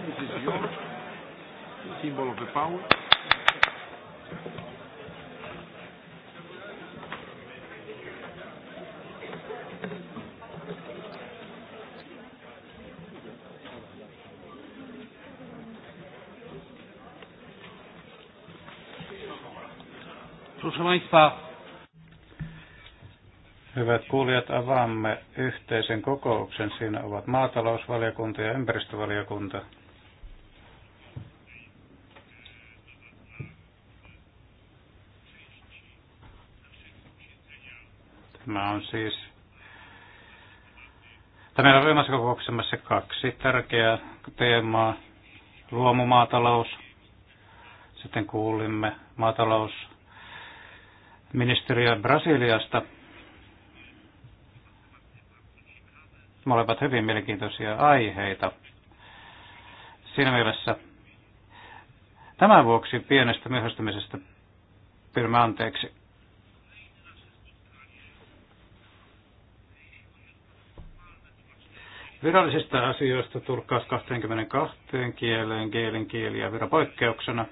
This is your symbol of the power. Proszę Państwa, Hyvät kuulijat, avaamme yhteisen kokouksen. Siinä ovat maatalousvaliokunta ja ympäristövaliokunta. siis, tai meillä on ryhmässä kaksi tärkeää teemaa. Luomumaatalous, sitten kuulimme maatalousministeriön Brasiliasta. Molemmat hyvin mielenkiintoisia aiheita. Siinä mielessä tämän vuoksi pienestä myöhästymisestä pyrimme anteeksi. Virallisista asioista tulkkaus 22 kieleen, kielen kieliä poikkeuksena.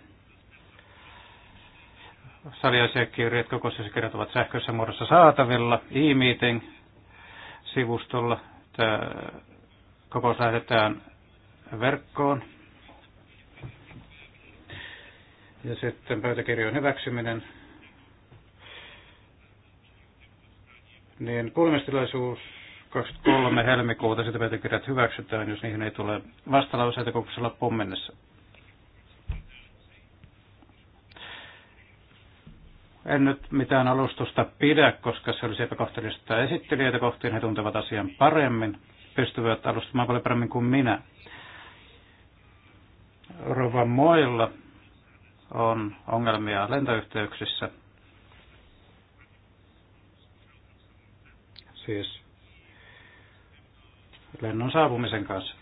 Saliasiakirjat kokoisessa ovat sähköisessä muodossa saatavilla e-meeting-sivustolla. Tämä kokous lähetetään verkkoon. Ja sitten pöytäkirjojen hyväksyminen. Niin kuulemistilaisuus 23. helmikuuta sitä pöytäkirjat hyväksytään, jos niihin ei tule vastalauseita kokoisella loppuun mennessä. En nyt mitään alustusta pidä, koska se olisi epäkohtelista esittelijöitä kohtiin. He tuntevat asian paremmin, pystyvät alustamaan paljon paremmin kuin minä. Rova Moilla on ongelmia lentoyhteyksissä. Siis lennon saapumisen kanssa.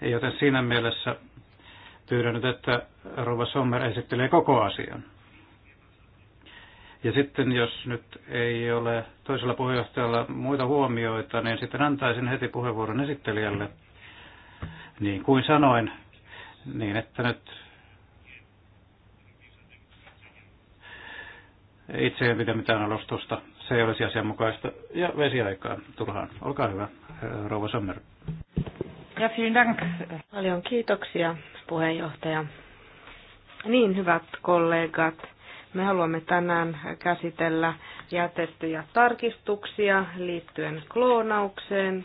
Joten siinä mielessä pyydän nyt, että Rova Sommer esittelee koko asian. Ja sitten jos nyt ei ole toisella puheenjohtajalla muita huomioita, niin sitten antaisin heti puheenvuoron esittelijälle. Niin kuin sanoin, niin että nyt itse en pidä mitään alustusta se ei olisi asianmukaista ja vesi aikaa turhaan. Olkaa hyvä, eh, rouva Sommer. Ja dank. Paljon kiitoksia, puheenjohtaja. Niin, hyvät kollegat, me haluamme tänään käsitellä jätettyjä tarkistuksia liittyen kloonaukseen.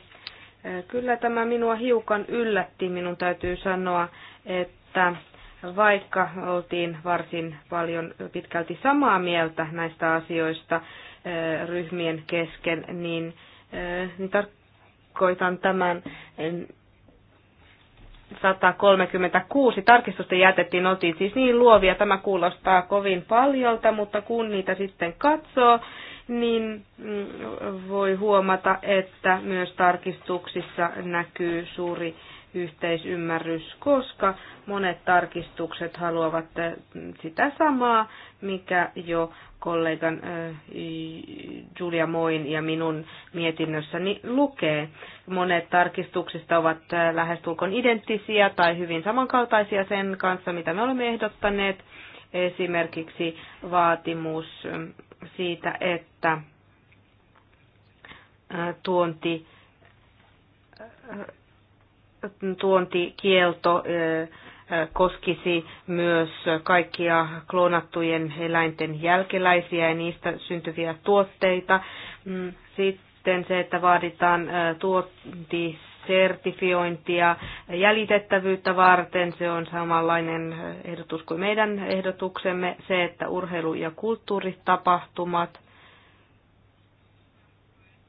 Eh, kyllä tämä minua hiukan yllätti, minun täytyy sanoa, että vaikka oltiin varsin paljon pitkälti samaa mieltä näistä asioista, Äh, ryhmien kesken, niin, äh, niin tarkoitan tämän 136 äh, tarkistusta jätettiin, oltiin siis niin luovia, tämä kuulostaa kovin paljolta, mutta kun niitä sitten katsoo, niin mm, voi huomata, että myös tarkistuksissa näkyy suuri yhteisymmärrys, koska monet tarkistukset haluavat äh, sitä samaa, mikä jo kollegan äh, Julia Moin ja minun mietinnössäni lukee. Monet tarkistuksista ovat äh, lähestulkoon identtisiä tai hyvin samankaltaisia sen kanssa, mitä me olemme ehdottaneet. Esimerkiksi vaatimus siitä, että tuonti tuontikielto koskisi myös kaikkia kloonattujen eläinten jälkeläisiä ja niistä syntyviä tuotteita. Mm, sitten se, että vaaditaan tuotti sertifiointia jäljitettävyyttä varten. Se on samanlainen ehdotus kuin meidän ehdotuksemme. Se, että urheilu- ja kulttuuritapahtumat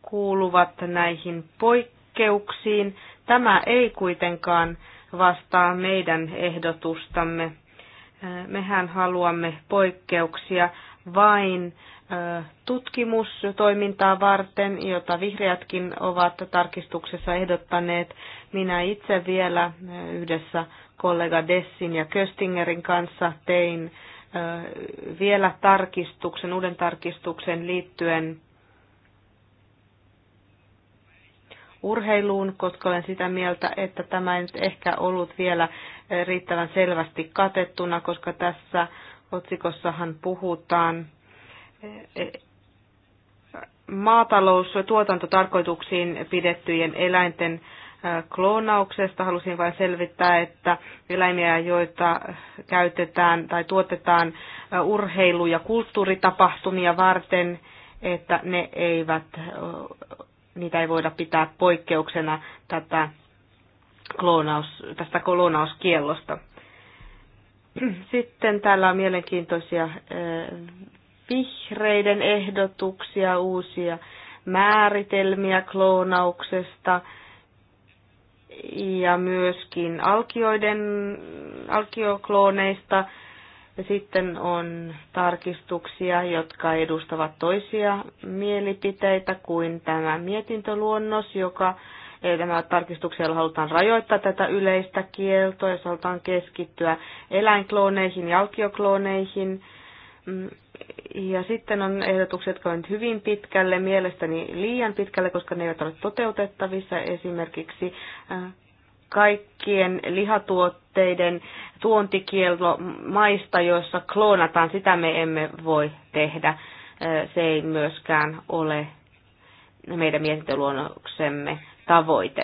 kuuluvat näihin poikkeuksiin. Tämä ei kuitenkaan vastaa meidän ehdotustamme. Äh, mehän haluamme poikkeuksia vain äh, tutkimustoimintaa varten, jota vihreätkin ovat tarkistuksessa ehdottaneet. Minä itse vielä äh, yhdessä kollega Dessin ja Köstingerin kanssa tein vielä tarkistuksen, uuden tarkistuksen liittyen urheiluun, koska olen sitä mieltä, että tämä ei nyt ehkä ollut vielä eh, riittävän selvästi katettuna, koska tässä otsikossahan puhutaan eh, eh, tuotantotarkoituksiin pidettyjen eläinten kloonauksesta. Halusin vain selvittää, että eläimiä, joita käytetään tai tuotetaan urheilu- ja kulttuuritapahtumia varten, että ne eivät niitä ei voida pitää poikkeuksena tätä kloonaus, tästä kloonauskiellosta. Sitten täällä on mielenkiintoisia eh, vihreiden ehdotuksia, uusia määritelmiä kloonauksesta ja myöskin alkioiden, alkioklooneista – ja sitten on tarkistuksia, jotka edustavat toisia mielipiteitä kuin tämä mietintöluonnos, joka tämä tarkistuksella halutaan rajoittaa tätä yleistä kieltoa, jos halutaan keskittyä eläinklooneihin ja alkiokloneihin. Mm, ja sitten on ehdotukset, jotka ovat hyvin pitkälle, mielestäni liian pitkälle, koska ne eivät ole toteutettavissa. Esimerkiksi äh, kaikkien lihatuotteiden tuontikielto maista, joissa kloonataan, sitä me emme voi tehdä. Se ei myöskään ole meidän mietintöluonnoksemme tavoite.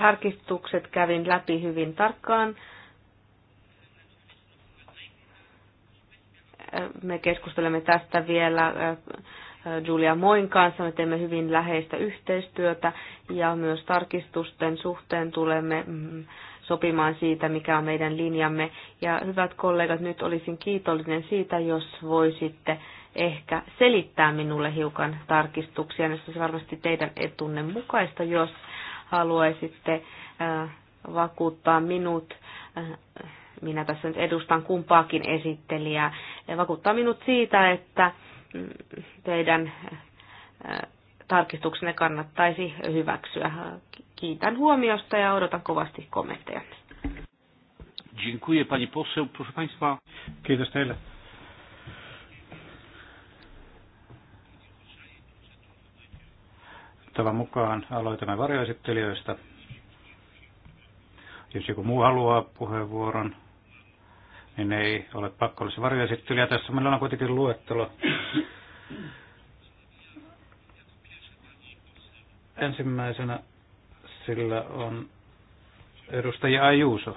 Tarkistukset kävin läpi hyvin tarkkaan. Me keskustelemme tästä vielä Julia Moin kanssa. Me teemme hyvin läheistä yhteistyötä ja myös tarkistusten suhteen tulemme mm, sopimaan siitä, mikä on meidän linjamme. Ja hyvät kollegat, nyt olisin kiitollinen siitä, jos voisitte ehkä selittää minulle hiukan tarkistuksia, Se se varmasti teidän etunne mukaista, jos haluaisitte äh, vakuuttaa minut, äh, minä tässä nyt edustan kumpaakin esittelijää, vakuuttaa minut siitä, että teidän äh, tarkistuksenne kannattaisi hyväksyä. Kiitän huomiosta ja odotan kovasti kommentteja. Dziękuję pani poseł. Proszę państwa. Kiitos teille. Tavan mukaan aloitamme varjoesittelijöistä. Jos joku muu haluaa puheenvuoron, niin ei ole pakollisia varjoesittelyjä. Tässä meillä on kuitenkin luettelo. Ensimmäisenä sillä on edustaja Ajuuso.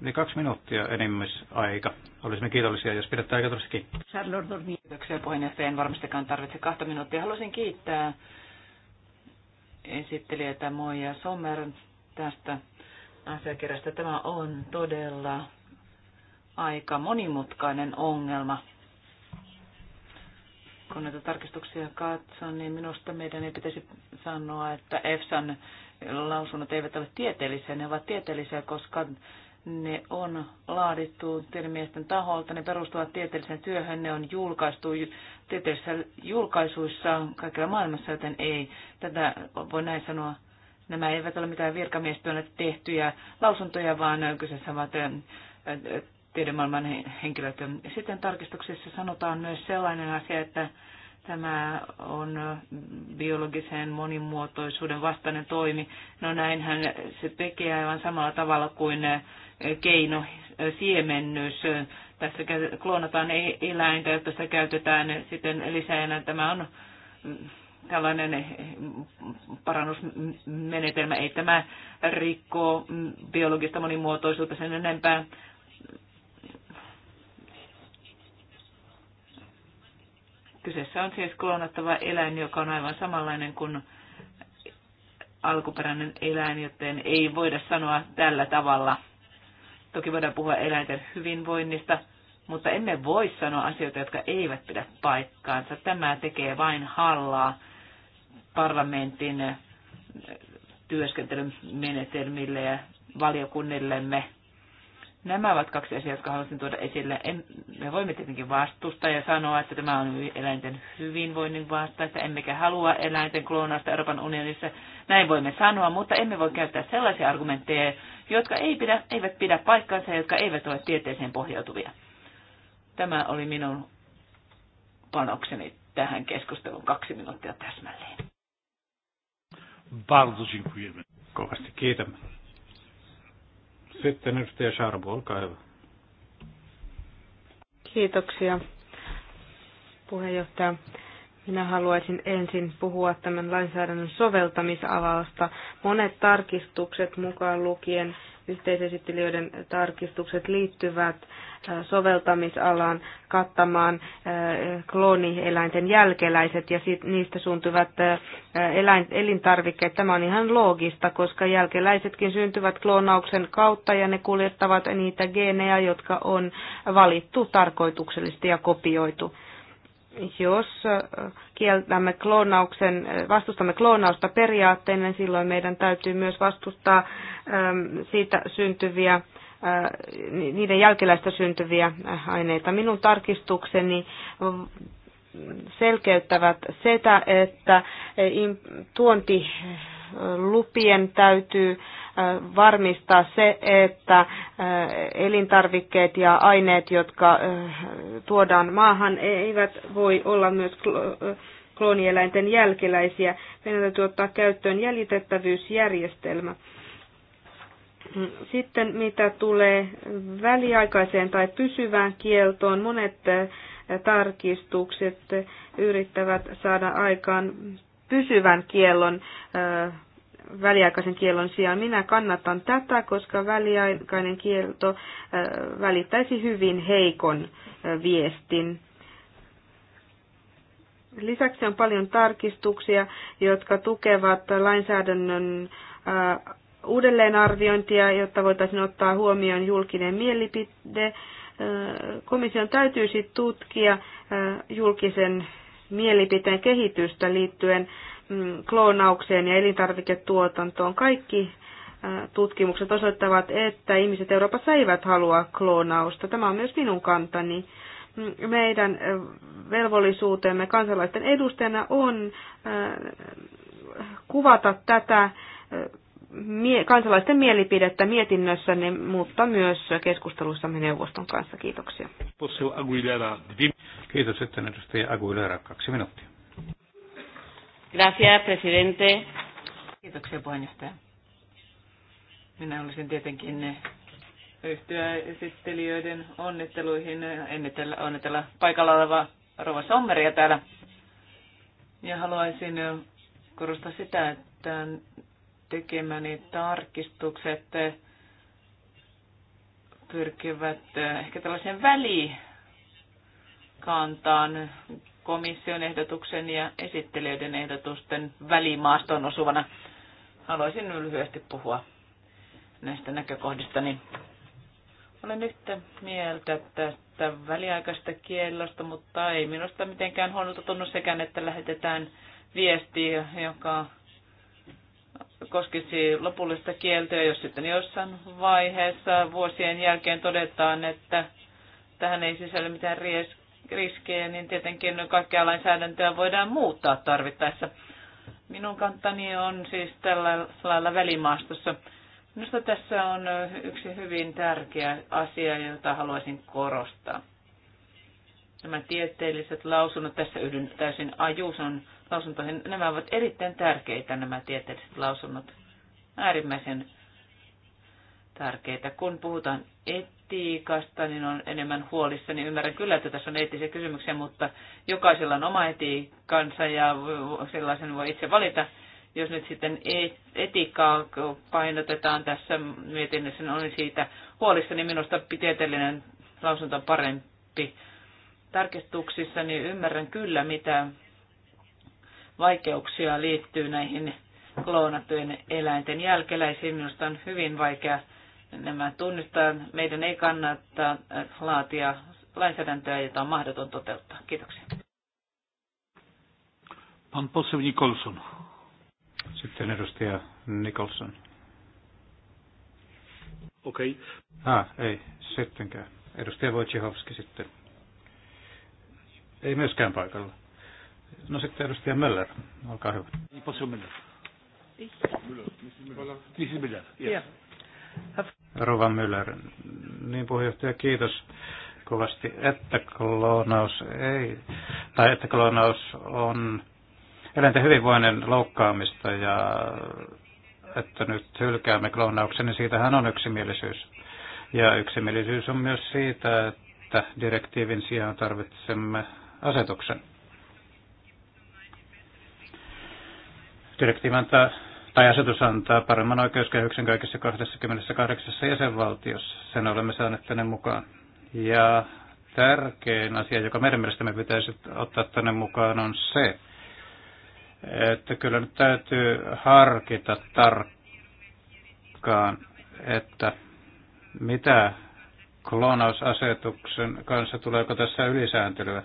Niin kaksi minuuttia enimmäisaika. Olisimme kiitollisia, jos aika aikataulusta kiinni. Charlotte Dormi. Niin- Kiitoksia puheenjohtaja. En varmastikaan tarvitse kahta minuuttia. Haluaisin kiittää esittelijätä Moija Sommer tästä asiakirjasta. Tämä on todella aika monimutkainen ongelma. Kun näitä tarkistuksia katson, niin minusta meidän ei pitäisi sanoa, että EFSAn lausunnot eivät ole tieteellisiä. Ne ovat tieteellisiä, koska ne on laadittu tiedemiesten taholta, ne perustuvat tieteelliseen työhön, ne on julkaistu tieteellisissä julkaisuissa kaikilla maailmassa, joten ei tätä voi näin sanoa. Nämä eivät ole mitään virkamiestyönä tehtyjä lausuntoja, vaan kyseessä ovat tiedemaailman henkilöt. Sitten tarkistuksessa sanotaan myös sellainen asia, että tämä on biologisen monimuotoisuuden vastainen toimi. No näinhän se tekee aivan samalla tavalla kuin keino siemennys. Tässä kloonataan e- eläintä, jotta sitä käytetään sitten lisäänä. Tämä on tällainen parannusmenetelmä. Ei tämä rikko biologista monimuotoisuutta sen enempää. Kyseessä on siis kloonattava eläin, joka on aivan samanlainen kuin alkuperäinen eläin, joten ei voida sanoa tällä tavalla. Toki voidaan puhua eläinten hyvinvoinnista, mutta emme voi sanoa asioita, jotka eivät pidä paikkaansa. Tämä tekee vain hallaa parlamentin työskentelyn menetelmille ja valiokunnillemme. Nämä ovat kaksi asiaa, jotka haluaisin tuoda esille. En, me voimme tietenkin vastustaa ja sanoa, että tämä on eläinten hyvinvoinnin vastaista, emmekä halua eläinten kloonausta Euroopan unionissa. Näin voimme sanoa, mutta emme voi käyttää sellaisia argumentteja, jotka ei pidä, eivät pidä paikkaansa ja jotka eivät ole tieteeseen pohjautuvia. Tämä oli minun panokseni tähän keskusteluun kaksi minuuttia täsmälleen. Bardzo dziękujemy. Kovasti kiitämme. Sitten edustaja Sharbo, olkaa hyvä. Kiitoksia puheenjohtaja. Minä haluaisin ensin puhua tämän lainsäädännön soveltamisalasta. Monet tarkistukset mukaan lukien yhteisesittelijöiden tarkistukset liittyvät äh, soveltamisalan kattamaan äh, kloonieläinten jälkeläiset ja niistä syntyvät äh, elintarvikkeet. Tämä on ihan loogista, koska jälkeläisetkin syntyvät kloonauksen kautta ja ne kuljettavat niitä geenejä, jotka on valittu tarkoituksellisesti ja kopioitu. Jos kieltämme kloonauksen, vastustamme kloonausta periaatteena, niin silloin meidän täytyy myös vastustaa siitä syntyviä niiden jälkeläistä syntyviä äh, aineita. Minun tarkistukseni selkeyttävät sitä, että tuonti lupien täytyy varmistaa se, että elintarvikkeet ja aineet, jotka tuodaan maahan, eivät voi olla myös kloonieläinten jälkeläisiä. Meidän täytyy ottaa käyttöön jäljitettävyysjärjestelmä. Sitten mitä tulee väliaikaiseen tai pysyvään kieltoon, monet tarkistukset yrittävät saada aikaan pysyvän kiellon väliaikaisen kiellon sijaan. Minä kannatan tätä, koska väliaikainen kielto välittäisi hyvin heikon viestin. Lisäksi on paljon tarkistuksia, jotka tukevat lainsäädännön uudelleenarviointia, jotta voitaisiin ottaa huomioon julkinen mielipide. Komission täytyisi tutkia julkisen mielipiteen kehitystä liittyen mm, kloonaukseen ja elintarviketuotantoon. Kaikki äh, tutkimukset osoittavat, että ihmiset Euroopassa eivät halua kloonausta. Tämä on myös minun kantani. Mm, meidän äh, velvollisuutemme kansalaisten edustajana on äh, kuvata tätä kansalaisten mielipidettä mietinnössänne, mutta myös keskustelussamme neuvoston kanssa. Kiitoksia. Kiitos että edustaja Aguilera. Kaksi minuuttia. Gracias, presidente. Kiitoksia puheenjohtaja. Minä olisin tietenkin yhtyä esittelijöiden onnitteluihin, onnitella, onnitella paikalla oleva Rova Sommeria täällä. Ja haluaisin korostaa sitä, että tekemäni tarkistukset pyrkivät ehkä tällaisen välikantaan komission ehdotuksen ja esittelijöiden ehdotusten välimaastoon osuvana. Haluaisin lyhyesti puhua näistä näkökohdistani. Olen yhtä mieltä tästä väliaikaista kiellosta, mutta ei minusta mitenkään huonolta tunnu sekään, että lähetetään viesti, joka koskisi lopullista kieltoa, jos sitten jossain vaiheessa vuosien jälkeen todetaan, että tähän ei sisälly mitään riskejä, niin tietenkin kaikkea lainsäädäntöä voidaan muuttaa tarvittaessa. Minun kantani on siis tällä lailla välimaastossa. Minusta tässä on yksi hyvin tärkeä asia, jota haluaisin korostaa. Nämä tieteelliset lausunnot, tässä yhdyn täysin on lausuntoihin. Nämä ovat erittäin tärkeitä, nämä tieteelliset lausunnot. Äärimmäisen tärkeitä. Kun puhutaan etiikasta, niin on enemmän huolissa, niin ymmärrän kyllä, että tässä on eettisiä kysymyksiä, mutta jokaisella on oma etiikansa ja sellaisen voi itse valita. Jos nyt sitten etiikkaa painotetaan tässä mietinnössä, niin olen siitä huolissa, niin minusta tieteellinen lausunto on parempi. Tarkistuksissa niin ymmärrän kyllä, mitä vaikeuksia liittyy näihin kloonattujen eläinten jälkeläisiin. Minusta on hyvin vaikea nämä tunnistaa. Meidän ei kannata laatia lainsäädäntöä, jota on mahdoton toteuttaa. Kiitoksia. Pan poseł Nicholson. Sitten edustaja Nicholson. Okei. Okay. Ah, ei, sittenkään. Edustaja Wojciechowski sitten. Ei myöskään paikalla. No sitten edustaja Möller, olkaa hyvä. Niin, Rova Möller. Niin puheenjohtaja, kiitos kovasti, että kloonaus ei, tai että kloonaus on eläinten hyvinvoinnin loukkaamista ja että nyt hylkäämme kloonauksen, niin siitähän on yksimielisyys. Ja yksimielisyys on myös siitä, että direktiivin sijaan tarvitsemme asetuksen. Direktiivi antaa, tai asetus antaa paremman oikeuskehyksen kaikissa 28 jäsenvaltiossa. Sen olemme saaneet tänne mukaan. Ja tärkein asia, joka meidän mielestämme pitäisi ottaa tänne mukaan, on se, että kyllä nyt täytyy harkita tarkkaan, että mitä kloonausasetuksen kanssa, tuleeko tässä ylisääntelyä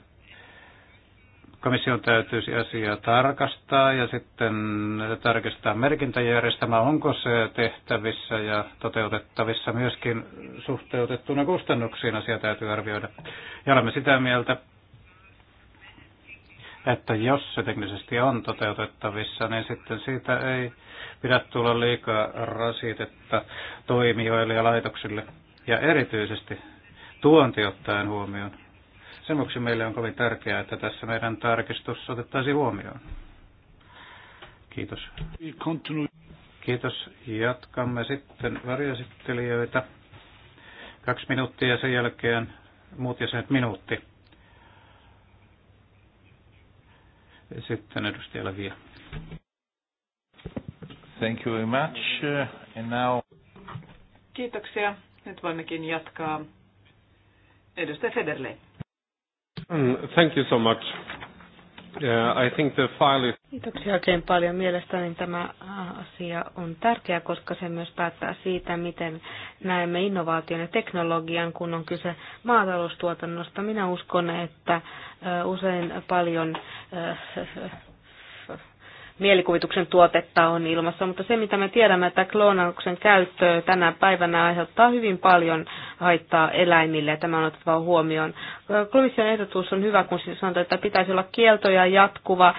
komission täytyisi asiaa tarkastaa ja sitten tarkistaa merkintäjärjestelmä, onko se tehtävissä ja toteutettavissa myöskin suhteutettuna kustannuksiin asia täytyy arvioida. Ja olemme sitä mieltä, että jos se teknisesti on toteutettavissa, niin sitten siitä ei pidä tulla liikaa rasitetta toimijoille ja laitoksille ja erityisesti tuonti ottaen huomioon sen vuoksi meille on kovin tärkeää, että tässä meidän tarkistus otettaisiin huomioon. Kiitos. Kiitos. Jatkamme sitten varjoesittelijöitä. Kaksi minuuttia ja sen jälkeen muut jäsenet minuutti. Sitten edustaja Lavia. Thank you very much. And now... Kiitoksia. Nyt voimmekin jatkaa. Edustaja Federley. Mm, thank you so much. Yeah, I think the file is... Kiitoksia oikein paljon. Mielestäni tämä asia on tärkeä, koska se myös päättää siitä, miten näemme innovaation ja teknologian, kun on kyse maataloustuotannosta. Minä uskon, että usein paljon mielikuvituksen tuotetta on ilmassa, mutta se mitä me tiedämme, että kloonauksen käyttö tänä päivänä aiheuttaa hyvin paljon haittaa eläimille, tämä on otettava huomioon. Komission ehdotus on hyvä, kun siis sanotaan, että pitäisi olla kieltoja jatkuva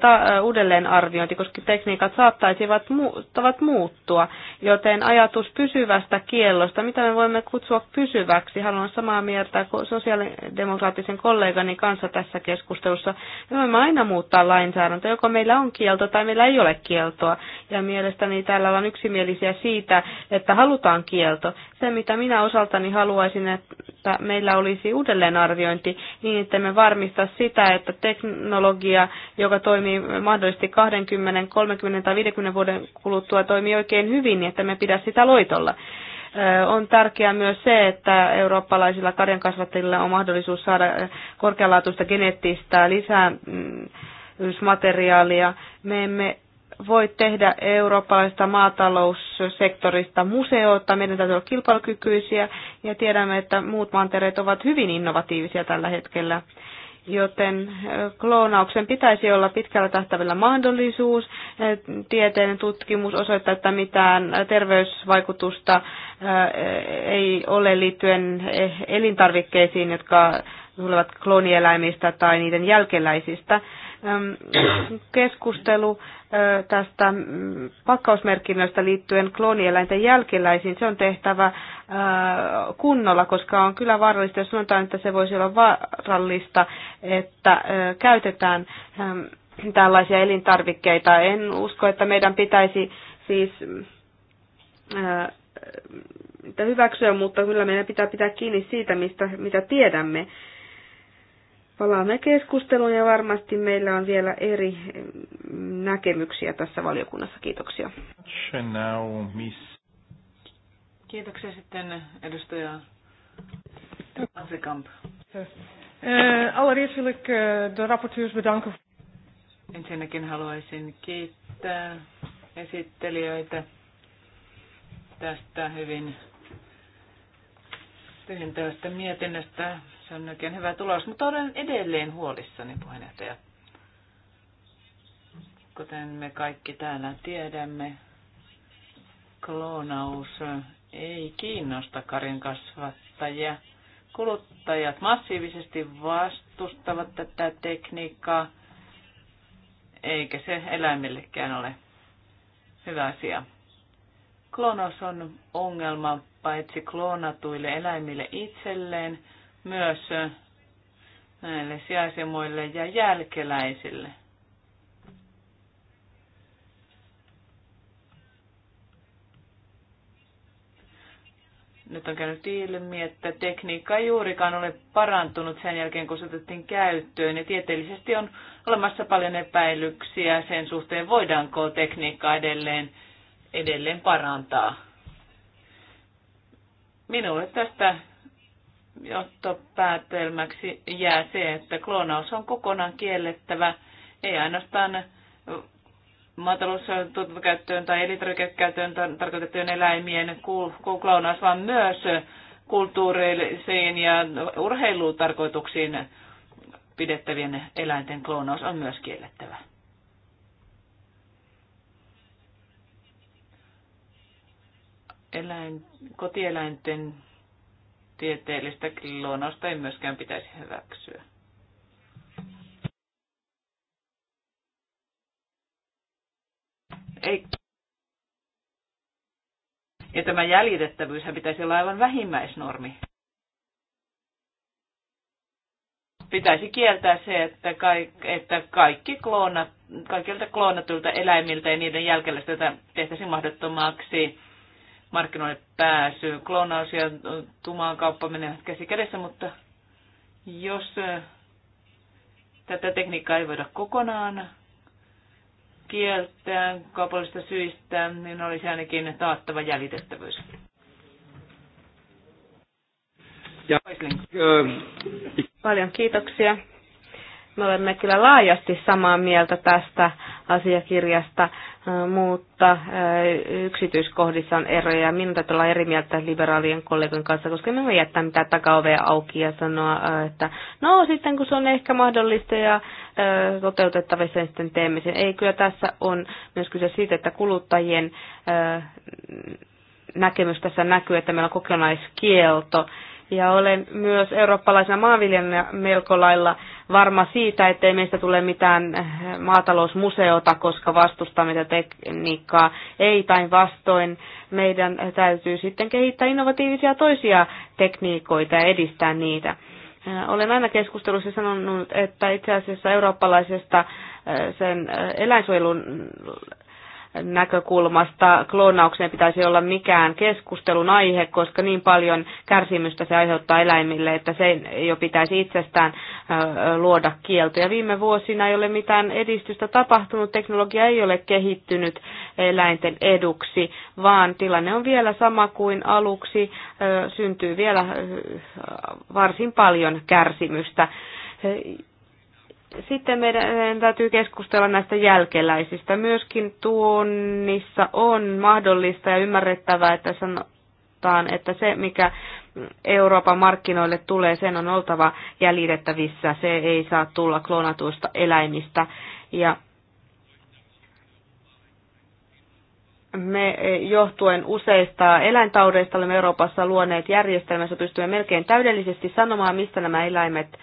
ta- uudelleenarviointi, koska tekniikat saattaisivat muuttavat muuttua, joten ajatus pysyvästä kiellosta, mitä me voimme kutsua pysyväksi, haluan samaa mieltä sosiaalidemokraattisen kollegani kanssa tässä keskustelussa, me voimme aina muuttaa lainsäädäntöä, joko meillä on kielto kieltoa tai meillä ei ole kieltoa. Ja mielestäni täällä ollaan yksimielisiä siitä, että halutaan kielto. Se, mitä minä osaltani haluaisin, että meillä olisi uudelleenarviointi niin, että me varmistaa sitä, että teknologia, joka toimii mahdollisesti 20, 30 tai 50 vuoden kuluttua, toimii oikein hyvin, niin että me pidä sitä loitolla. On tärkeää myös se, että eurooppalaisilla karjankasvattajilla on mahdollisuus saada korkealaatuista geneettistä lisää mm, yhdysmateriaalia. Me emme voi tehdä eurooppalaisesta maataloussektorista museoita, Meidän täytyy olla kilpailukykyisiä ja tiedämme, että muut mantereet ovat hyvin innovatiivisia tällä hetkellä. Joten eh, kloonauksen pitäisi olla pitkällä tähtävällä mahdollisuus. Eh, tieteellinen tutkimus osoittaa, että mitään terveysvaikutusta eh, ei ole liittyen elintarvikkeisiin, jotka tulevat kloonieläimistä tai niiden jälkeläisistä keskustelu tästä mm, pakkausmerkinnöstä liittyen kloonieläinten jälkeläisiin, se on tehtävä kunnolla, koska on kyllä vaarallista, jos sanotaan, että se voisi olla vaarallista, että käytetään tällaisia elintarvikkeita. En usko, että meidän pitäisi siis hyväksyä, mutta kyllä meidän pitää pitää kiinni siitä, mistä, mitä tiedämme palaamme keskusteluun ja varmasti meillä on vielä eri mm, näkemyksiä tässä valiokunnassa. Kiitoksia. Kiitoksia sitten edustaja Asikamp. Eh, Allereerst eh, de rapporteurs bedanken. Ensinnäkin haluaisin kiittää esittelijöitä tästä hyvin tyhjentävästä mietinnöstä. Se on oikein hyvä tulos, mutta olen edelleen huolissani puheenjohtaja. Kuten me kaikki täällä tiedämme, kloonaus ei kiinnosta karin kasvattajia. Kuluttajat massiivisesti vastustavat tätä tekniikkaa, eikä se eläimillekään ole hyvä asia. Kloonaus on ongelma paitsi kloonatuille eläimille itselleen, myös näille sijaisemoille ja jälkeläisille. Nyt on käynyt ilmi, että tekniikka ei juurikaan ole parantunut sen jälkeen, kun se otettiin käyttöön. Ja tieteellisesti on olemassa paljon epäilyksiä sen suhteen, voidaanko tekniikkaa edelleen, edelleen parantaa. Minulle tästä johtopäätelmäksi jää se, että kloonaus on kokonaan kiellettävä, ei ainoastaan maataloustuotantokäyttöön tai elintarvikekäyttöön tarkoitettujen eläimien kloonaus, vaan myös kulttuurisiin ja urheilutarkoituksiin pidettävien eläinten kloonaus on myös kiellettävä. Eläin, kotieläinten tieteellistä luonnosta ei myöskään pitäisi hyväksyä. Ei. Ja tämä jäljitettävyys pitäisi olla aivan vähimmäisnormi. Pitäisi kieltää se, että, kaik, että kaikki kloonat, kaikilta kloonatulta eläimiltä ja niiden jälkeläisiltä tehtäisiin mahdottomaksi markkinoille pääsy. Kloonaus ja tumaan kauppa menevät käsi kädessä, mutta jos tätä tekniikkaa ei voida kokonaan kieltää kaupallisista syistä, niin olisi ainakin taattava jäljitettävyys. Ja, Paljon kiitoksia. Me olemme kyllä laajasti samaa mieltä tästä asiakirjasta, äh, mutta äh, yksityiskohdissa on eroja. Minun täytyy olla eri mieltä liberaalien kollegan kanssa, koska me voi jättää mitään takaovea auki ja sanoa, äh, että no sitten kun se on ehkä mahdollista ja toteutettavissa, niin sitten teemme sen. Ei, kyllä tässä on myös kyse siitä, että kuluttajien näkemys tässä näkyy, että meillä on kokonaiskielto ja olen myös eurooppalaisena maanviljelijänä melko lailla varma siitä, ettei meistä tule mitään maatalousmuseota, koska vastustamme tätä tekniikkaa. Ei päinvastoin. Meidän täytyy sitten kehittää innovatiivisia toisia tekniikoita ja edistää niitä. Olen aina keskustelussa sanonut, että itse asiassa eurooppalaisesta eh, sen eh, eläinsuojelun näkökulmasta kloonaukseen pitäisi olla mikään keskustelun aihe, koska niin paljon kärsimystä se aiheuttaa eläimille, että se jo pitäisi itsestään luoda kielto. Ja viime vuosina ei ole mitään edistystä tapahtunut, teknologia ei ole kehittynyt eläinten eduksi, vaan tilanne on vielä sama kuin aluksi, syntyy vielä varsin paljon kärsimystä sitten meidän täytyy keskustella näistä jälkeläisistä. Myöskin tuonnissa on mahdollista ja ymmärrettävää, että sanotaan, että se mikä Euroopan markkinoille tulee, sen on oltava jäljitettävissä. Se ei saa tulla kloonatuista eläimistä. Ja me johtuen useista eläintaudeista olemme Euroopassa luoneet järjestelmässä, pystymme melkein täydellisesti sanomaan, mistä nämä eläimet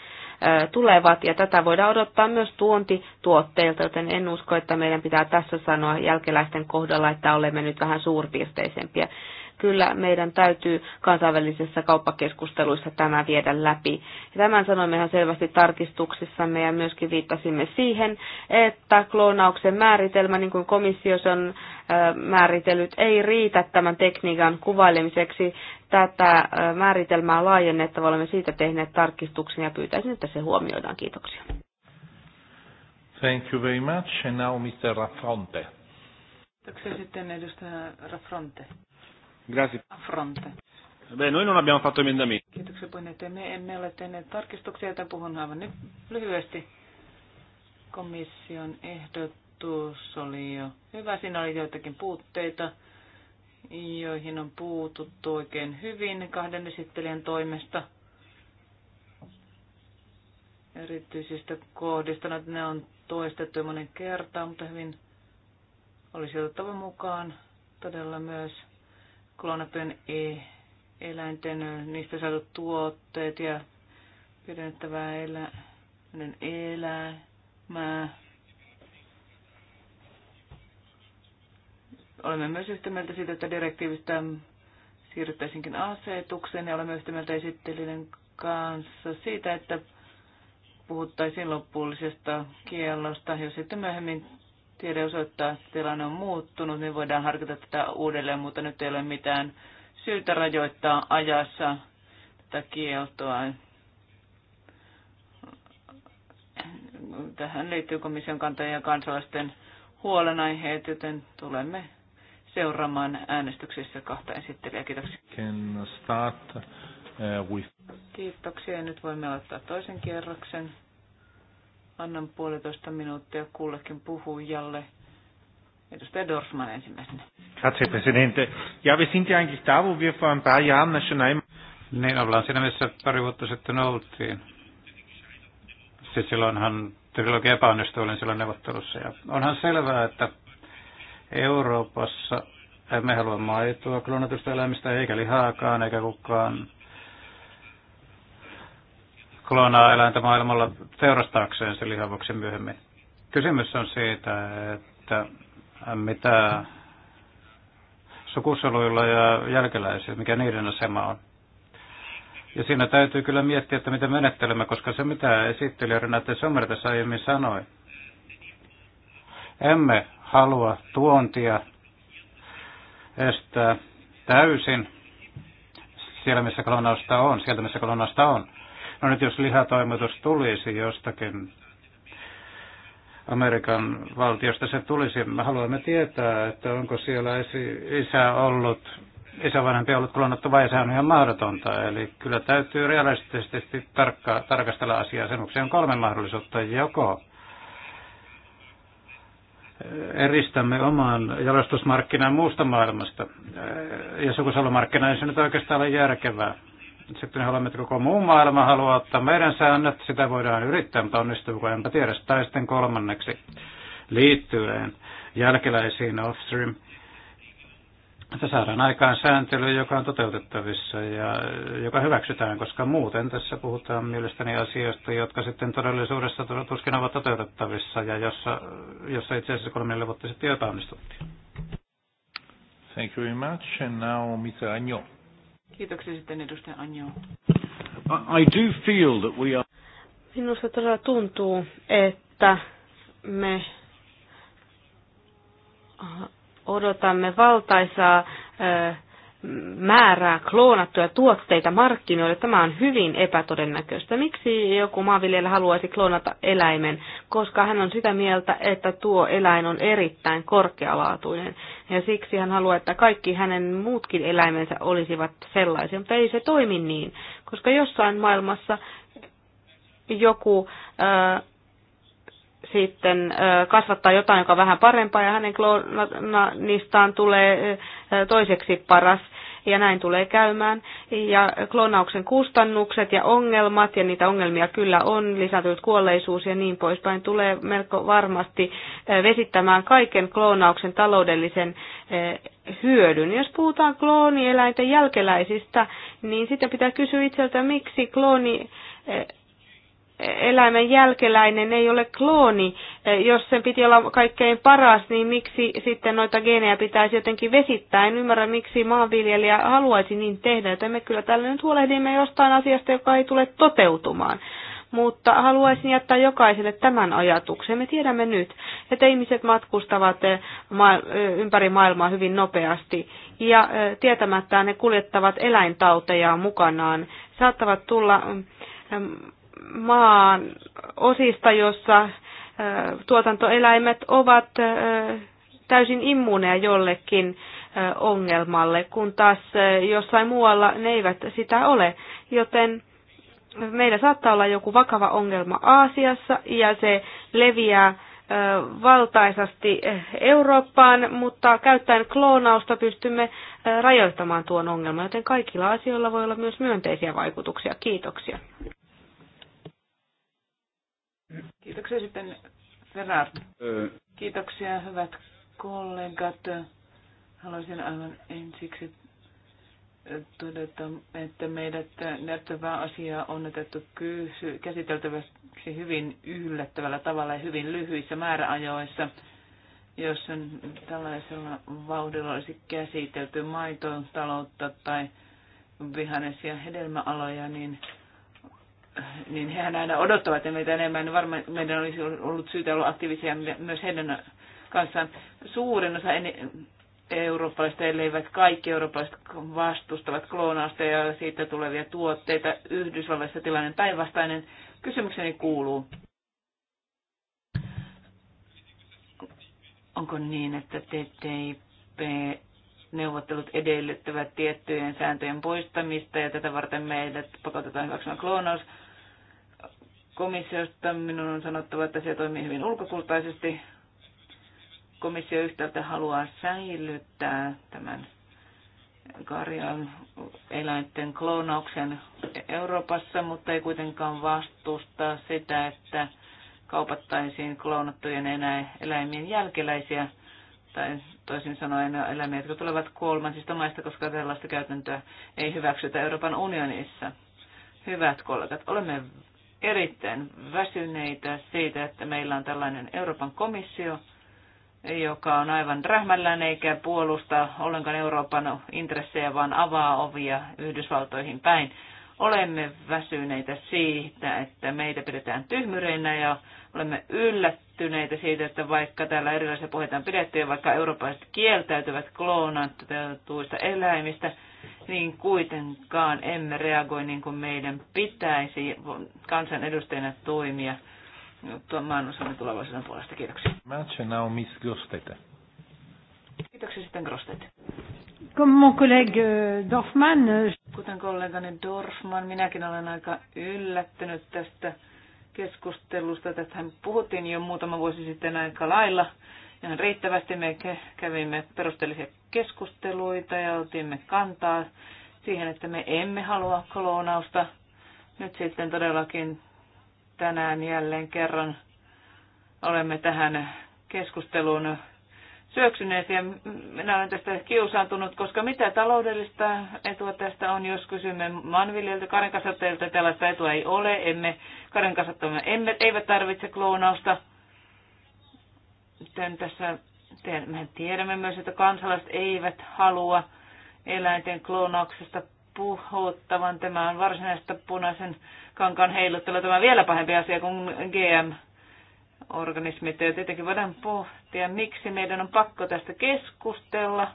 tulevat, ja tätä voidaan odottaa myös tuontituotteilta, joten en usko, että meidän pitää tässä sanoa jälkeläisten kohdalla, että olemme nyt vähän suurpiirteisempiä kyllä meidän täytyy kansainvälisissä kauppakeskusteluissa tämä viedä läpi. Tämän sanoimme ihan selvästi tarkistuksissamme ja myöskin viittasimme siihen, että kloonauksen määritelmä, niin kuin komissio on määritellyt, ei riitä tämän tekniikan kuvailemiseksi. Tätä määritelmää laajennettava olemme siitä tehneet tarkistuksen ja pyytäisin, että se huomioidaan. Kiitoksia. Thank you very much. And now Mr. Raffronte. Kiitoksia sitten edustaja Raffronte. Grazie. A fronte. Beh, noi non abbiamo fatto emendamenti. Kiitoksia puheenjohtaja. Me emme ole tehneet tarkistuksia, joten puhun aivan nyt lyhyesti. Komission ehdotus oli jo hyvä. Siinä oli joitakin puutteita, joihin on puututtu oikein hyvin kahden esittelijän toimesta. Erityisistä kohdista, no, ne on toistettu monen kertaan, mutta hyvin olisi otettava mukaan todella myös – kloonattujen e- eläinten, niistä saadut tuotteet ja pidennettävää elä, elämää. Olemme myös yhtä mieltä siitä, että direktiivistä siirryttäisinkin asetukseen ja olemme yhtä mieltä esittelijän kanssa siitä, että puhuttaisiin lopullisesta kiellosta, jos sitten myöhemmin tiede osoittaa, että tilanne on muuttunut, niin voidaan harkita tätä uudelleen, mutta nyt ei ole mitään syytä rajoittaa ajassa tätä kieltoa. Tähän liittyy komission kantajia ja kansalaisten huolenaiheet, joten tulemme seuraamaan äänestyksessä kahta esittelijää. Kiitoksia. Uh, Kiitoksia. Nyt voimme aloittaa toisen kierroksen. Annan puolitoista minuuttia kullekin puhujalle. Edustaja Dorfman ensimmäisenä. Grazie, Presidente. Ja wir sind ja eigentlich da, wo wir vor ein paar Jahren schon einmal... Niin, ollaan siinä, missä pari vuotta sitten oltiin. Siis silloinhan trilogia epäonnistui, olin silloin neuvottelussa. Ja onhan selvää, että Euroopassa emme halua maitoa klonatusta eläimistä, eikä lihaakaan, eikä kukaan kloonaa eläintä maailmalla teurastaakseen se lihavuksi myöhemmin. Kysymys on siitä, että mitä sukusoluilla ja jälkeläisillä, mikä niiden asema on. Ja siinä täytyy kyllä miettiä, että mitä menettelemme, koska se mitä esittelijä Renate Sommer tässä aiemmin sanoi, emme halua tuontia estää täysin siellä, missä klonausta on, sieltä missä klonausta on. No nyt jos lihatoimitus tulisi jostakin Amerikan valtiosta se tulisi, me haluamme tietää, että onko siellä esi- isä ollut, isävanhempi ollut klonattu vai se on ihan mahdotonta. Eli kyllä täytyy realistisesti tarkka- tarkastella asiaa. Sen vuoksi on kolme mahdollisuutta. Joko eristämme oman jalostusmarkkinan muusta maailmasta. Ja sukusalomarkkina ei se nyt oikeastaan ole järkevää. Sitten haluamme, että koko muu maailma haluaa ottaa meidän säännöt. Sitä voidaan yrittää, mutta onnistuuko enpä tiedä. Tai sitten kolmanneksi liittyen jälkeläisiin Offstream. Että saadaan aikaan sääntely, joka on toteutettavissa ja joka hyväksytään, koska muuten tässä puhutaan mielestäni asioista, jotka sitten todellisuudessa tuskin ovat toteutettavissa ja jossa, jossa itse asiassa kolme neljä vuotta sitten jo epäonnistuttiin. Thank you very much. And now Mr. Agnew. Kiitoksia sitten edustaja Anjo. I do feel that we are... Minusta todella tuntuu, että me odotamme valtaisaa määrää kloonattuja tuotteita markkinoille. Tämä on hyvin epätodennäköistä. Miksi joku maanviljelijä haluaisi kloonata eläimen? Koska hän on sitä mieltä, että tuo eläin on erittäin korkealaatuinen. Ja siksi hän haluaa, että kaikki hänen muutkin eläimensä olisivat sellaisia, mutta ei se toimi niin, koska jossain maailmassa joku ää, sitten ää, kasvattaa jotain, joka on vähän parempaa ja hänen kloonistaan tulee ää, toiseksi paras ja näin tulee käymään. Ja klonauksen kustannukset ja ongelmat, ja niitä ongelmia kyllä on, lisätyt kuolleisuus ja niin poispäin, tulee melko varmasti eh, vesittämään kaiken kloonauksen taloudellisen eh, hyödyn. Jos puhutaan kloonieläinten jälkeläisistä, niin sitten pitää kysyä itseltä, miksi klooni eh, eläimen jälkeläinen ei ole klooni. Jos sen piti olla kaikkein paras, niin miksi sitten noita geenejä pitäisi jotenkin vesittää? En ymmärrä, miksi maanviljelijä haluaisi niin tehdä, että me kyllä tällä nyt huolehdimme jostain asiasta, joka ei tule toteutumaan. Mutta haluaisin jättää jokaiselle tämän ajatuksen. Me tiedämme nyt, että ihmiset matkustavat eh, eh, ympäri maailmaa hyvin nopeasti ja eh, tietämättä ne kuljettavat eläintauteja mukanaan. Saattavat tulla mm, maan osista, jossa tuotantoeläimet ovat täysin immuuneja jollekin ongelmalle, kun taas jossain muualla ne eivät sitä ole. Joten meillä saattaa olla joku vakava ongelma Aasiassa ja se leviää valtaisasti Eurooppaan, mutta käyttäen kloonausta pystymme rajoittamaan tuon ongelman, joten kaikilla asioilla voi olla myös myönteisiä vaikutuksia. Kiitoksia. Kiitoksia sitten Ferrard. Kiitoksia hyvät kollegat. Haluaisin aivan ensiksi todeta, että meidät näyttävää asiaa on otettu käsiteltäväksi hyvin yllättävällä tavalla ja hyvin lyhyissä määräajoissa. Jos tällaisella vauhdilla olisi käsitelty maitotaloutta tai vihannes- ja hedelmäaloja, niin niin hehän aina odottavat meitä enemmän. Niin varmaan meidän olisi ollut syytä olla aktiivisia myös heidän kanssaan. Suurin osa eurooppalaiset, ellei kaikki eurooppalaiset vastustavat kloonausta ja siitä tulevia tuotteita. Yhdysvalloissa tilanne päinvastainen. Kysymykseni kuuluu, onko niin, että TTIP-neuvottelut edellyttävät tiettyjen sääntöjen poistamista ja tätä varten meidät pakotetaan hyväksymään kloonaus? komissiosta minun on sanottava, että se toimii hyvin ulkokultaisesti. Komissio yhtäältä haluaa säilyttää tämän karjan eläinten kloonauksen Euroopassa, mutta ei kuitenkaan vastusta sitä, että kaupattaisiin kloonattujen eläimien jälkeläisiä, tai toisin sanoen eläimiä, jotka tulevat kolmansista maista, koska tällaista käytäntöä ei hyväksytä Euroopan unionissa. Hyvät kollegat, olemme erittäin väsyneitä siitä, että meillä on tällainen Euroopan komissio, joka on aivan rähmällään eikä puolusta ollenkaan Euroopan intressejä, vaan avaa ovia Yhdysvaltoihin päin. Olemme väsyneitä siitä, että meitä pidetään tyhmyreinä ja olemme yllättyneitä siitä, että vaikka täällä erilaisia puheita on pidetty ja vaikka eurooppalaiset kieltäytyvät kloonattuista eläimistä, niin kuitenkaan emme reagoi niin kuin meidän pitäisi kansanedustajana toimia maailmansuunnan tulevaisuuden puolesta. Kiitoksia. Match now Miss Grostete. Kiitoksia sitten Grostete. Comme mon collègue euh, Dorfman. Euh, Kuten kollegani Dorfman, minäkin olen aika yllättynyt tästä keskustelusta. Tästähän puhuttiin jo muutama vuosi sitten aika lailla ihan riittävästi. Me kävimme perusteellisia keskusteluita ja otimme kantaa siihen, että me emme halua kloonausta. Nyt sitten todellakin tänään jälleen kerran olemme tähän keskusteluun syöksyneet ja minä olen tästä kiusaantunut, koska mitä taloudellista etua tästä on, jos kysymme maanviljelijöiltä, karenkasvattajilta, tällaista etua ei ole, emme, karjankasvattajamme emme, eivät tarvitse kloonausta. Sitten tässä mehän tiedämme myös, että kansalaiset eivät halua eläinten kloonauksesta puhuttavan. Tämä on varsinaista punaisen kankan heiluttelua. Tämä on vielä pahempi asia kuin GM organismit. Ja tietenkin voidaan pohtia, miksi meidän on pakko tästä keskustella.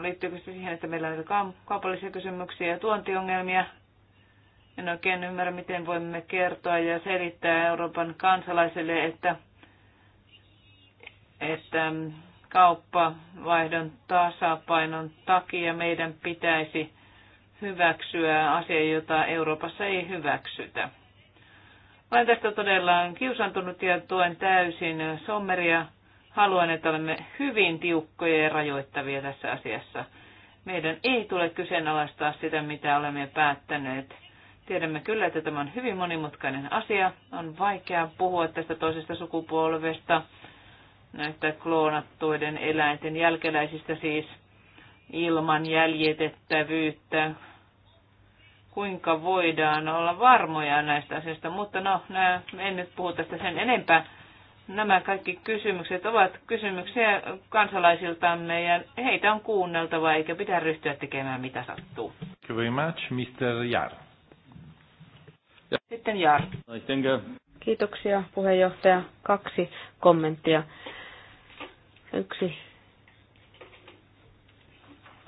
Liittyykö se siihen, että meillä on näitä kaupallisia kysymyksiä ja tuontiongelmia? En oikein ymmärrä, miten voimme kertoa ja selittää Euroopan kansalaisille, että että kauppavaihdon tasapainon takia meidän pitäisi hyväksyä asia, jota Euroopassa ei hyväksytä. Olen tästä todella kiusantunut ja tuen täysin sommeria. Haluan, että olemme hyvin tiukkoja ja rajoittavia tässä asiassa. Meidän ei tule kyseenalaistaa sitä, mitä olemme päättäneet. Tiedämme kyllä, että tämä on hyvin monimutkainen asia. On vaikea puhua tästä toisesta sukupolvesta näistä kloonattuiden eläinten jälkeläisistä siis ilman jäljitettävyyttä. Kuinka voidaan olla varmoja näistä asioista, mutta no, nämä, en nyt puhu tästä sen enempää. Nämä kaikki kysymykset ovat kysymyksiä kansalaisiltamme ja heitä on kuunneltava eikä pitää ryhtyä tekemään mitä sattuu. much, Mr. Jar. Sitten Jar. Uh, Kiitoksia puheenjohtaja. Kaksi kommenttia. Yksi,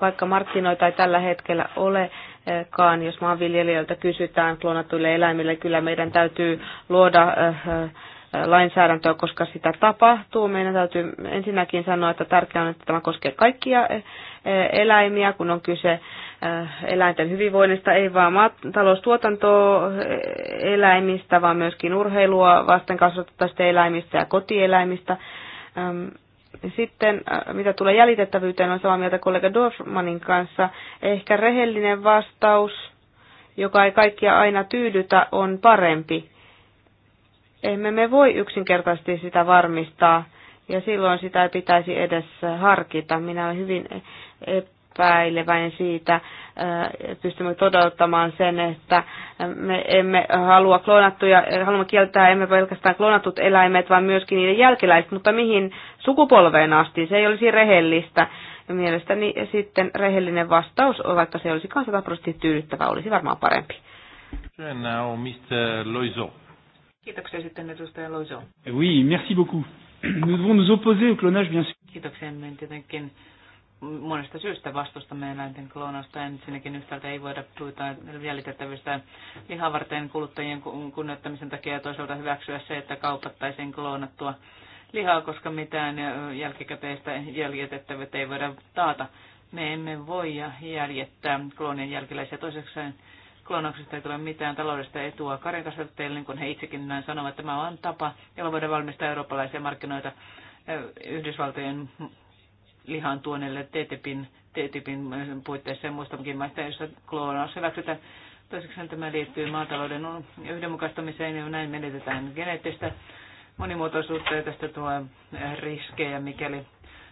vaikka markkinoita ei tällä hetkellä olekaan, jos maanviljelijöiltä kysytään klonatuille eläimille, kyllä meidän täytyy luoda äh, äh, lainsäädäntöä, koska sitä tapahtuu. Meidän täytyy ensinnäkin sanoa, että tärkeää on, että tämä koskee kaikkia äh, eläimiä, kun on kyse eläinten hyvinvoinnista, ei vain taloustuotantoa eläimistä, vaan myöskin urheilua, vasten kasvatettavista eläimistä ja kotieläimistä. Ähm, sitten äh, mitä tulee jäljitettävyyteen, on samaa mieltä kollega Dorfmanin kanssa. Ehkä rehellinen vastaus, joka ei kaikkia aina tyydytä, on parempi. Emme me voi yksinkertaisesti sitä varmistaa ja silloin sitä ei pitäisi edes harkita. Minä olen hyvin epäileväinen siitä, äh, pystymme todottamaan sen, että me emme halua kloonattuja, haluamme kieltää emme pelkästään kloonattut eläimet, vaan myöskin niiden jälkeläiset, mutta mihin sukupolveen asti, se ei olisi rehellistä. Ja mielestäni sitten rehellinen vastaus, vaikka se olisi 100 prosenttia tyydyttävä, olisi varmaan parempi. Now, Mr. Kiitoksia sitten edustaja Loiso. Oui, merci beaucoup. Nous devons nous opposer au clonage, bien sûr. Kiitoksia, tietenkin monesta syystä vastustamme eläinten kloonausta. Ensinnäkin yhtäältä ei voida pyytää jäljitettävistä lihavarteen kuluttajien kunnioittamisen takia ja toisaalta hyväksyä se, että kaupattaisiin kloonattua lihaa, koska mitään jälkikäteistä jäljitettävyyttä ei voida taata. Me emme voi jäljittää kloonien jälkeläisiä Toiseksi Kloonauksesta ei tule mitään taloudellista etua karjankasvattajille, niin kuin he itsekin näin sanovat. Tämä on tapa, jolla voidaan valmistaa eurooppalaisia markkinoita Yhdysvaltojen lihan tuonelle TTIPin, TTIPin puitteissa ja muistakin maista, joissa kloonaus hyväksytään. Toiseksi tämä liittyy maatalouden yhdenmukaistamiseen ja näin menetetään geneettistä monimuotoisuutta ja tästä tulee riskejä, mikäli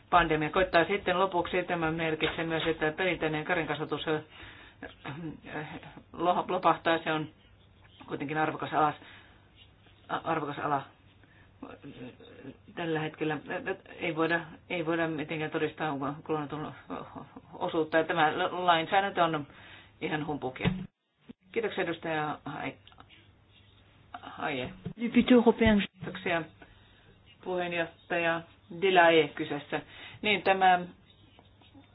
pandemia koittaa sitten lopuksi. Tämä merkitsee myös, että perinteinen karinkasvatus äh, äh, lopahtaa. Se on kuitenkin arvokas, alas, arvokas ala tällä hetkellä ei voida, ei voida mitenkään todistaa klonatun osuutta. Tämä lainsäädäntö on ihan humpukia. Kiitoksia edustaja Haie. Kiitoksia puheenjohtaja Delaye kyseessä. Niin tämä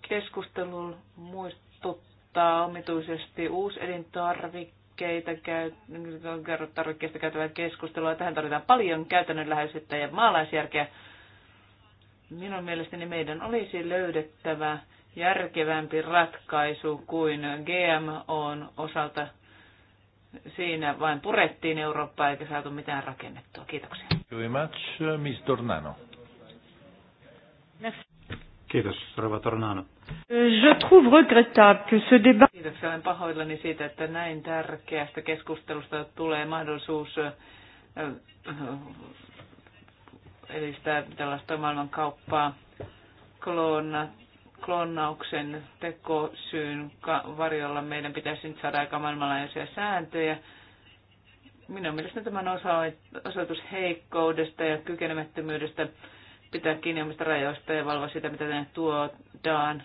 keskustelu muistuttaa omituisesti uuselintarvikkeita tarvikkeita, tarvikkeista käytävää keskustelua. Tähän tarvitaan paljon käytännönläheisyyttä ja maalaisjärkeä. Minun mielestäni meidän olisi löydettävä järkevämpi ratkaisu kuin GM on osalta. Siinä vain purettiin Eurooppaa eikä saatu mitään rakennettua. Kiitoksia. Uh, Kiitos, Rova Tornano. Euh, je trouve regrettable que ce débat... Kiitos, olen pahoillani siitä, että näin tärkeästä keskustelusta tulee mahdollisuus edistää tällaista maailmankauppaa kloona, kloonauksen tekosyyn varjolla. Meidän pitäisi nyt saada aika maailmanlaajuisia sääntöjä. Minun mielestäni tämä on osoitus heikkoudesta ja kykenemättömyydestä pitää kiinni omista rajoista ja valvoa sitä, mitä tänne tuodaan.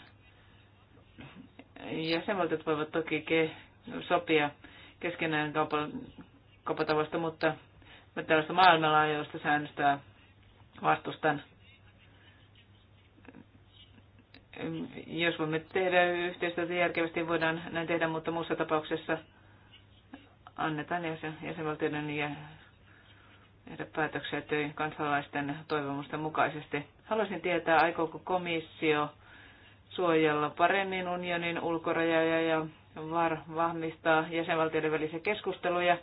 Jäsenvaltiot voivat toki ke- sopia keskenään kaupan- kaupatavoista, mutta tällaista maailmanlaajuista säännöstä vastustan. Jos voimme tehdä yhteistyötä järkevästi, voidaan näin tehdä, mutta muussa tapauksessa annetaan jäsen, jäsenvaltioiden ja tehdä päätöksiä kansalaisten toivomusten mukaisesti. Haluaisin tietää, aikooko komissio suojella paremmin unionin ulkorajoja ja var, vahvistaa jäsenvaltioiden välisiä keskusteluja.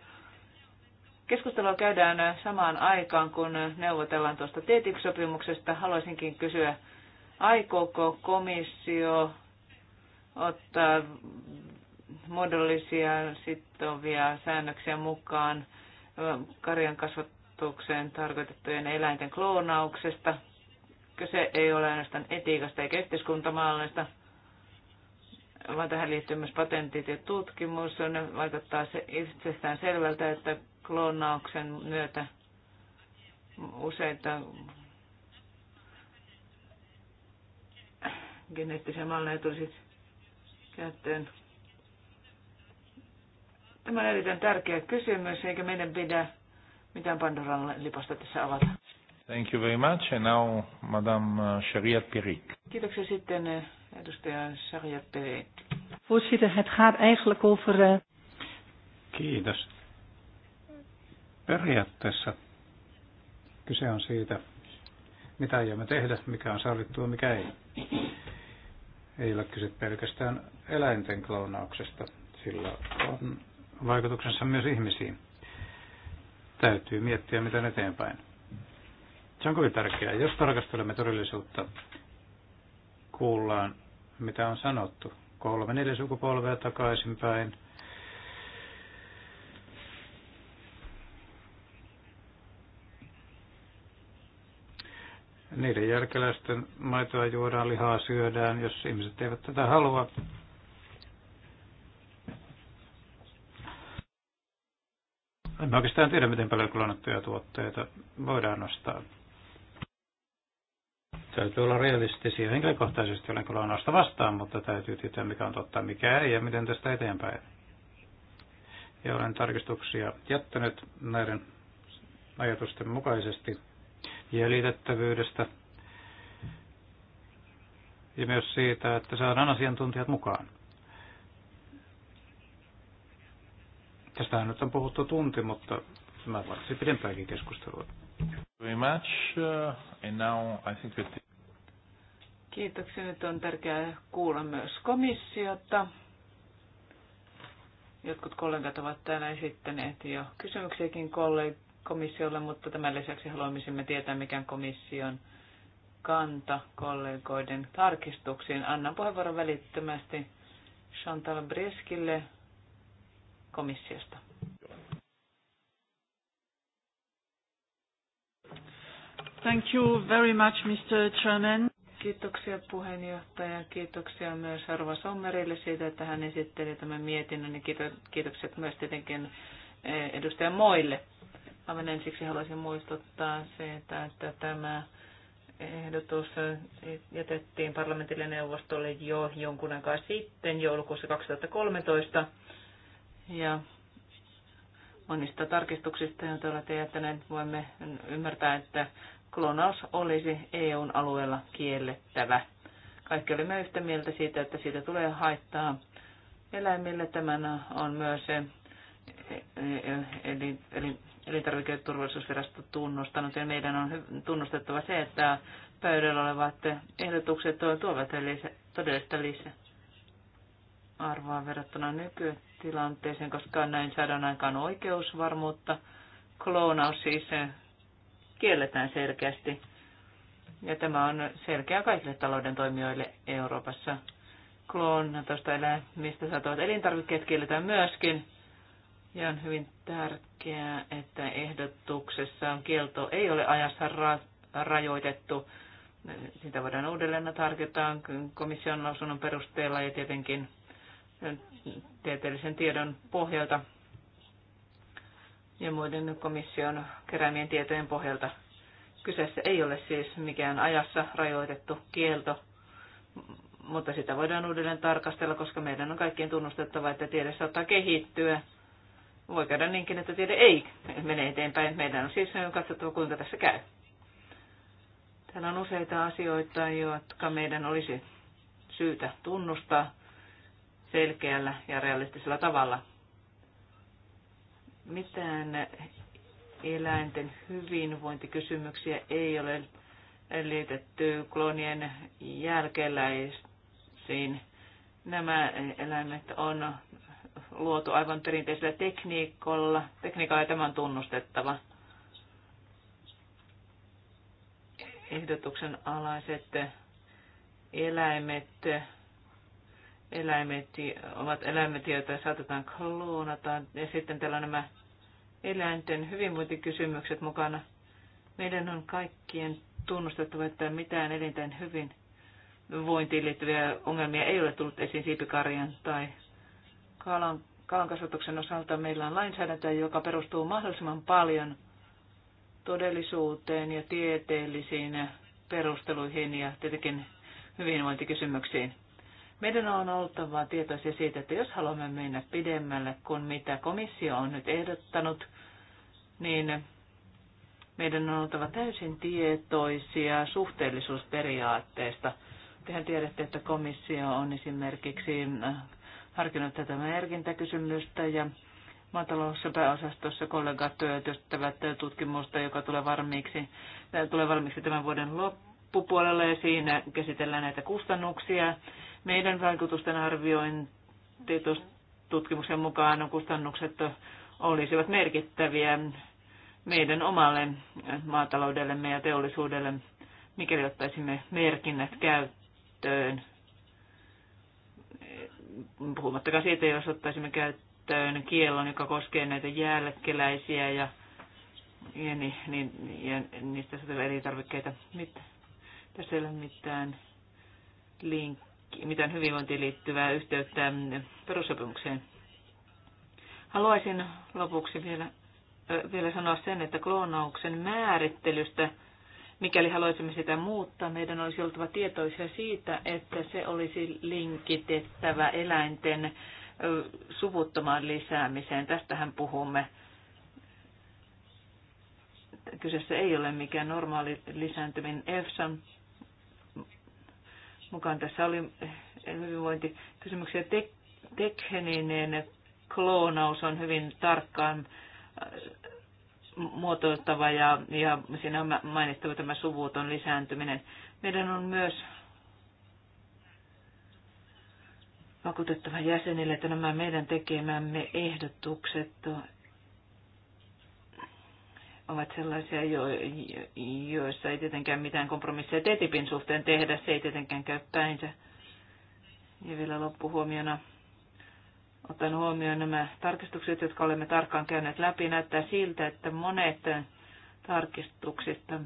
Keskustelua käydään samaan aikaan, kun neuvotellaan tuosta TTIP-sopimuksesta. Haluaisinkin kysyä, aikooko komissio ottaa muodollisia sitovia säännöksiä mukaan karjan kasvatukseen tarkoitettujen eläinten kloonauksesta. Kyse ei ole ainoastaan etiikasta eikä yhteiskuntamallista, vaan tähän liittyy myös patentit ja tutkimus. Se vaikuttaa se itsestään selvältä, että kloonauksen myötä useita geneettisiä malleja tulisi siis käyttöön. Tämä on erittäin tärkeä kysymys, eikä meidän pidä mitään Pandoran lipasta tässä avata. Thank you very much. And now, Madame uh, Sharia Perik. Kiitoksia sitten eh, edustaja Sharia Perik. Voorzitter, het gaat eigenlijk over... Eh, Kiitos. Periaatteessa kyse on siitä, mitä aiomme tehdä, mikä on sallittua, mikä ei. Ei ole kyse pelkästään eläinten kloonauksesta, sillä on vaikutuksensa myös ihmisiin. Täytyy miettiä, miten eteenpäin. Se on kovin tärkeää. Jos tarkastelemme todellisuutta, kuullaan, mitä on sanottu. Kolme, neljä sukupolvea takaisinpäin. Niiden jälkeläisten maitoa juodaan, lihaa syödään, jos ihmiset eivät tätä halua. En oikeastaan tiedä, miten paljon klonattuja tuotteita voidaan nostaa Täytyy olla realistisia. Henkilökohtaisesti olen kyllä ainoasta vastaan, mutta täytyy tietää, mikä on totta, mikä ei ja miten tästä eteenpäin. Ja olen tarkistuksia jättänyt näiden ajatusten mukaisesti jäljitettävyydestä ja myös siitä, että saadaan asiantuntijat mukaan. Tästähän nyt on puhuttu tunti, mutta mä varsin pidempäänkin keskustelua. Very much. Uh, and now I think that... Kiitoksia. Nyt on tärkeää kuulla myös komissiota. Jotkut kollegat ovat täällä esittäneet jo kysymyksiäkin komissiolle, mutta tämän lisäksi haluaisimme tietää, mikä komission kanta kollegoiden tarkistuksiin. Annan puheenvuoron välittömästi Chantal Breskille komissiosta. Thank you very much, Mr. Chairman. Kiitoksia puheenjohtaja. Kiitoksia myös Arva Sommerille siitä, että hän esitteli tämän mietinnön. Ja kiitokset myös tietenkin eh, edustaja Moille. Aivan ensiksi haluaisin muistuttaa siitä, että tämä ehdotus jätettiin parlamentille neuvostolle jo jonkun aikaa sitten, joulukuussa 2013. Ja monista tarkistuksista, joita olette jättäneet, voimme ymmärtää, että klonaus olisi EUn alueella kiellettävä. Kaikki olimme yhtä mieltä siitä, että siitä tulee haittaa eläimille. Tämän on myös eh, eh, eli, eli elintarviketurvallisuusvirasto tunnustanut, ja meidän on tunnustettava se, että pöydällä olevat ehdotukset tuovat lisä, todellista lisää arvoa verrattuna nykytilanteeseen, koska näin saadaan aikaan oikeusvarmuutta. Kloonaus siis eh, kielletään selkeästi. Ja tämä on selkeä kaikille talouden toimijoille Euroopassa. elää, mistä saatavat elintarvikkeet kielletään myöskin. Ja on hyvin tärkeää, että ehdotuksessa on kielto ei ole ajassa ra- rajoitettu. Sitä voidaan uudelleen tarkentaa komission lausunnon perusteella ja tietenkin tieteellisen tiedon pohjalta ja muiden komission keräämien tietojen pohjalta. Kyseessä ei ole siis mikään ajassa rajoitettu kielto, mutta sitä voidaan uudelleen tarkastella, koska meidän on kaikkien tunnustettava, että tiede saattaa kehittyä. Voi käydä niinkin, että tiede ei mene eteenpäin. Meidän on siis katsottava, kuinka tässä käy. Täällä on useita asioita, jotka meidän olisi syytä tunnustaa selkeällä ja realistisella tavalla mitään eläinten hyvinvointikysymyksiä ei ole liitetty kloonien jälkeläisiin. Nämä eläimet on luotu aivan perinteisellä tekniikolla. Tekniikalla ja tämän tunnustettava. Ehdotuksen alaiset eläimet eläimet, omat eläimet, joita saatetaan kloonata. Ja sitten täällä on nämä eläinten hyvinvointikysymykset mukana. Meidän on kaikkien tunnustettava, että mitään elinten hyvinvointiin liittyviä ongelmia ei ole tullut esiin siipikarjan tai kalan, kasvatuksen osalta. Meillä on lainsäädäntö, joka perustuu mahdollisimman paljon todellisuuteen ja tieteellisiin perusteluihin ja tietenkin hyvinvointikysymyksiin meidän on oltava tietoisia siitä, että jos haluamme mennä pidemmälle kuin mitä komissio on nyt ehdottanut, niin meidän on oltava täysin tietoisia suhteellisuusperiaatteesta. Tehän tiedätte, että komissio on esimerkiksi äh, harkinnut tätä merkintäkysymystä ja maataloudessa pääosastossa kollegat työstävät tutkimusta, joka tulee varmiiksi, äh, tulee valmiiksi tämän vuoden loppupuolella ja siinä käsitellään näitä kustannuksia meidän vaikutusten arviointi tutkimuksen mukaan kustannukset olisivat merkittäviä meidän omalle maataloudellemme ja teollisuudelle, mikäli ottaisimme merkinnät käyttöön. Puhumattakaan siitä, jos ottaisimme käyttöön kiellon, joka koskee näitä jälkeläisiä ja, ja, ni, ni, ja niistä elintarvikkeita. Mit, tässä ei ole mitään link, mitään hyvinvointiin liittyvää yhteyttä perussopimukseen. Haluaisin lopuksi vielä, vielä sanoa sen, että kloonauksen määrittelystä, mikäli haluaisimme sitä muuttaa, meidän olisi oltava tietoisia siitä, että se olisi linkitettävä eläinten suvuttomaan lisäämiseen. Tästähän puhumme. Kyseessä ei ole mikään normaali lisääntyminen. EFSAn mukaan. Tässä oli eh, hyvinvointikysymyksiä. Tek- tekheninen kloonaus on hyvin tarkkaan eh, muotoiltava ja, ja siinä on mainittava tämä suvuton lisääntyminen. Meidän on myös vakuutettava jäsenille, että nämä meidän tekemämme ehdotukset ovat sellaisia, jo, joissa ei tietenkään mitään kompromisseja TTIPin suhteen tehdä. Se ei tietenkään käy päinsä. Ja vielä loppuhuomiona otan huomioon nämä tarkistukset, jotka olemme tarkkaan käyneet läpi. Näyttää siltä, että monet tarkistuksista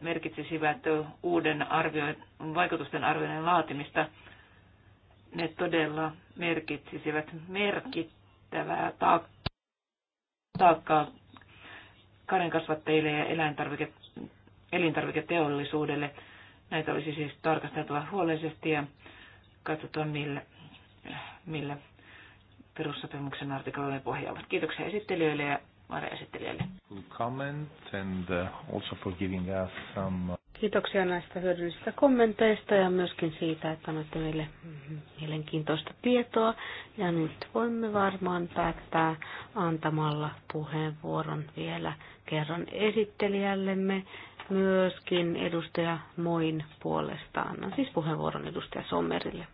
merkitsisivät uuden arvioin, vaikutusten arvioinnin laatimista. Ne todella merkitsisivät merkittävää taakkaa karjankasvattajille ja eläintarvike, elintarviketeollisuudelle. Näitä olisi siis tarkasteltava huolellisesti ja katsottava, millä, millä perussopimuksen artikloiden pohjalla. Kiitoksia esittelijöille ja varjoesittelijöille. Kiitoksia näistä hyödyllisistä kommenteista ja myöskin siitä, että annatte meille mielenkiintoista tietoa. Ja nyt voimme varmaan päättää antamalla puheenvuoron vielä kerran esittelijällemme myöskin edustaja Moin puolesta. no, siis puheenvuoron edustaja Sommerille.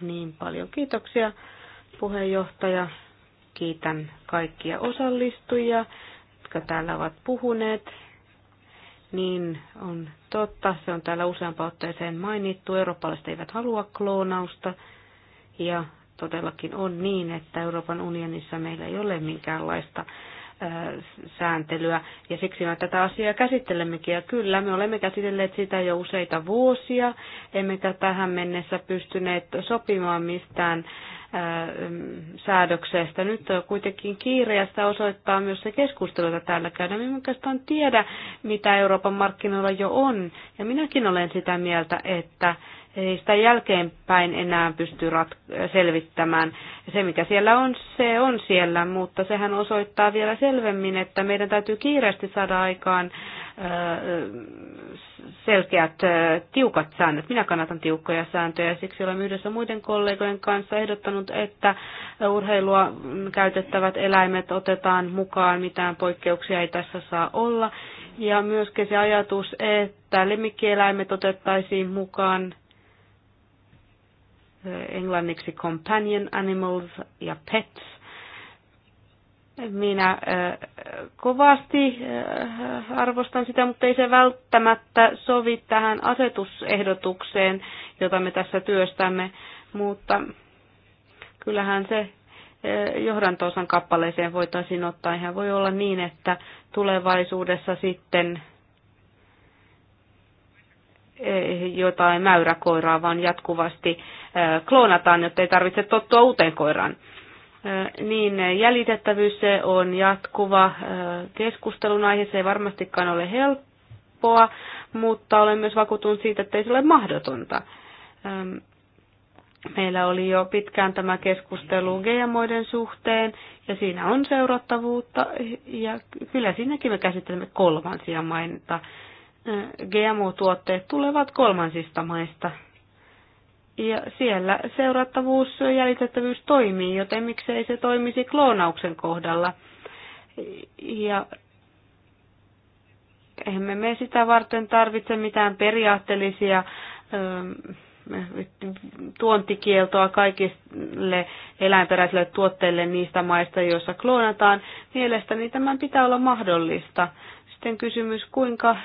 Niin paljon kiitoksia puheenjohtaja. Kiitän kaikkia osallistujia jotka täällä ovat puhuneet, niin on totta, se on täällä useampaan otteeseen mainittu, eurooppalaiset eivät halua kloonausta ja todellakin on niin, että Euroopan unionissa meillä ei ole minkäänlaista sääntelyä ja siksi me tätä asiaa käsittelemmekin. Ja kyllä, me olemme käsitelleet sitä jo useita vuosia, emmekä tähän mennessä pystyneet sopimaan mistään mm, säädöksestä. Nyt on kuitenkin kiireästä osoittaa myös se keskustelu, jota täällä käydään. Minä oikeastaan tiedä, mitä Euroopan markkinoilla jo on. Ja minäkin olen sitä mieltä, että ei sitä jälkeenpäin enää pysty rat- selvittämään. Se, mikä siellä on, se on siellä, mutta sehän osoittaa vielä selvemmin, että meidän täytyy kiireesti saada aikaan selkeät, tiukat säännöt. Minä kannatan tiukkoja sääntöjä siksi olen yhdessä muiden kollegojen kanssa ehdottanut, että urheilua käytettävät eläimet otetaan mukaan, mitään poikkeuksia ei tässä saa olla. Ja myöskin se ajatus, että lemmikkieläimet otettaisiin mukaan englanniksi companion animals ja pets. Minä äh, kovasti äh, arvostan sitä, mutta ei se välttämättä sovi tähän asetusehdotukseen, jota me tässä työstämme, mutta kyllähän se äh, johdantoosan kappaleeseen voitaisiin ottaa. Ihan voi olla niin, että tulevaisuudessa sitten Eh, jotain mäyräkoiraa, vaan jatkuvasti eh, kloonataan, jotta ei tarvitse tottua uuteen koiraan. Eh, niin jäljitettävyys se on jatkuva keskustelun aihe, se ei varmastikaan ole helppoa, mutta olen myös vakuutunut siitä, että ei se ole mahdotonta. Ehm, meillä oli jo pitkään tämä keskustelu GMOiden suhteen, ja siinä on seurattavuutta, ja kyllä siinäkin me käsittelemme kolmansia mainita GMO-tuotteet tulevat kolmansista maista. Ja siellä seurattavuus ja jäljitettävyys toimii, joten miksei se toimisi kloonauksen kohdalla. Ja emme me sitä varten tarvitse mitään periaatteellisia ö, tuontikieltoa kaikille eläinperäisille tuotteille niistä maista, joissa kloonataan. Mielestäni tämän pitää olla mahdollista. Sitten kysymys, kuinka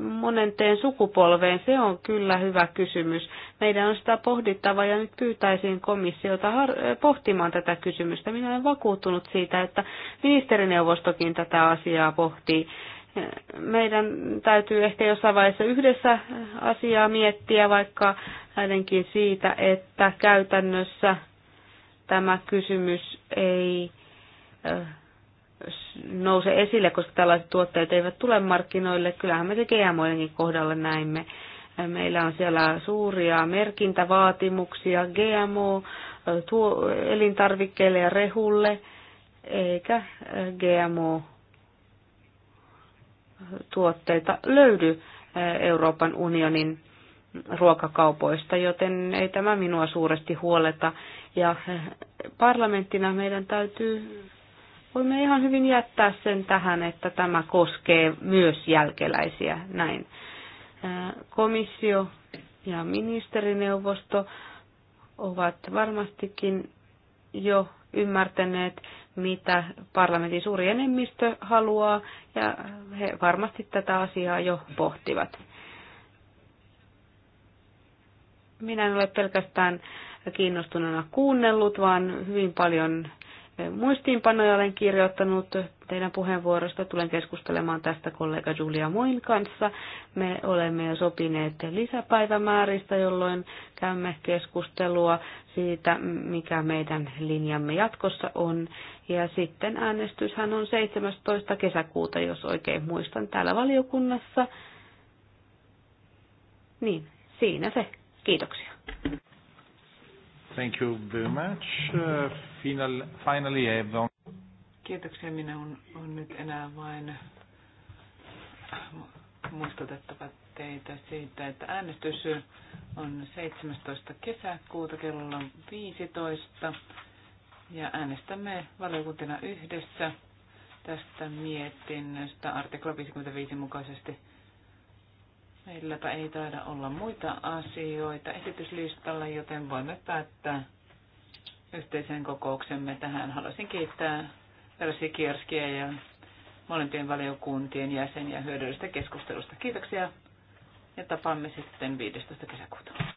monenteen sukupolveen, se on kyllä hyvä kysymys. Meidän on sitä pohdittava ja nyt pyytäisin komissiota pohtimaan tätä kysymystä. Minä olen vakuuttunut siitä, että ministerineuvostokin tätä asiaa pohtii meidän täytyy ehkä jossain vaiheessa yhdessä asiaa miettiä, vaikka ainakin siitä, että käytännössä tämä kysymys ei nouse esille, koska tällaiset tuotteet eivät tule markkinoille. Kyllähän me se GMOidenkin kohdalla näimme. Meillä on siellä suuria merkintävaatimuksia GMO elintarvikkeille ja rehulle, eikä GMO tuotteita löydy Euroopan unionin ruokakaupoista, joten ei tämä minua suuresti huoleta. Ja parlamenttina meidän täytyy, voimme ihan hyvin jättää sen tähän, että tämä koskee myös jälkeläisiä näin. Komissio ja ministerineuvosto ovat varmastikin jo ymmärtäneet, mitä parlamentin suuri enemmistö haluaa, ja he varmasti tätä asiaa jo pohtivat. Minä en ole pelkästään kiinnostuneena kuunnellut, vaan hyvin paljon muistiinpanoja olen kirjoittanut teidän puheenvuorosta. Tulen keskustelemaan tästä kollega Julia Moin kanssa. Me olemme jo sopineet lisäpäivämääristä, jolloin käymme keskustelua siitä, mikä meidän linjamme jatkossa on. Ja sitten äänestyshän on 17. kesäkuuta, jos oikein muistan, täällä valiokunnassa. Niin, siinä se. Kiitoksia. Thank you very much. Uh, final, finally, I have on... Kiitoksia. Minä on, on nyt enää vain muistutettava teitä siitä, että äänestys on 17. kesäkuuta kello 15 ja äänestämme valiokuntina yhdessä tästä mietinnöstä artikla 55 mukaisesti. Meilläpä ei taida olla muita asioita esityslistalla, joten voimme päättää yhteisen kokouksemme tähän. Haluaisin kiittää Persi Kierskiä ja molempien valiokuntien jäseniä hyödyllisestä keskustelusta. Kiitoksia ja tapaamme sitten 15. kesäkuuta.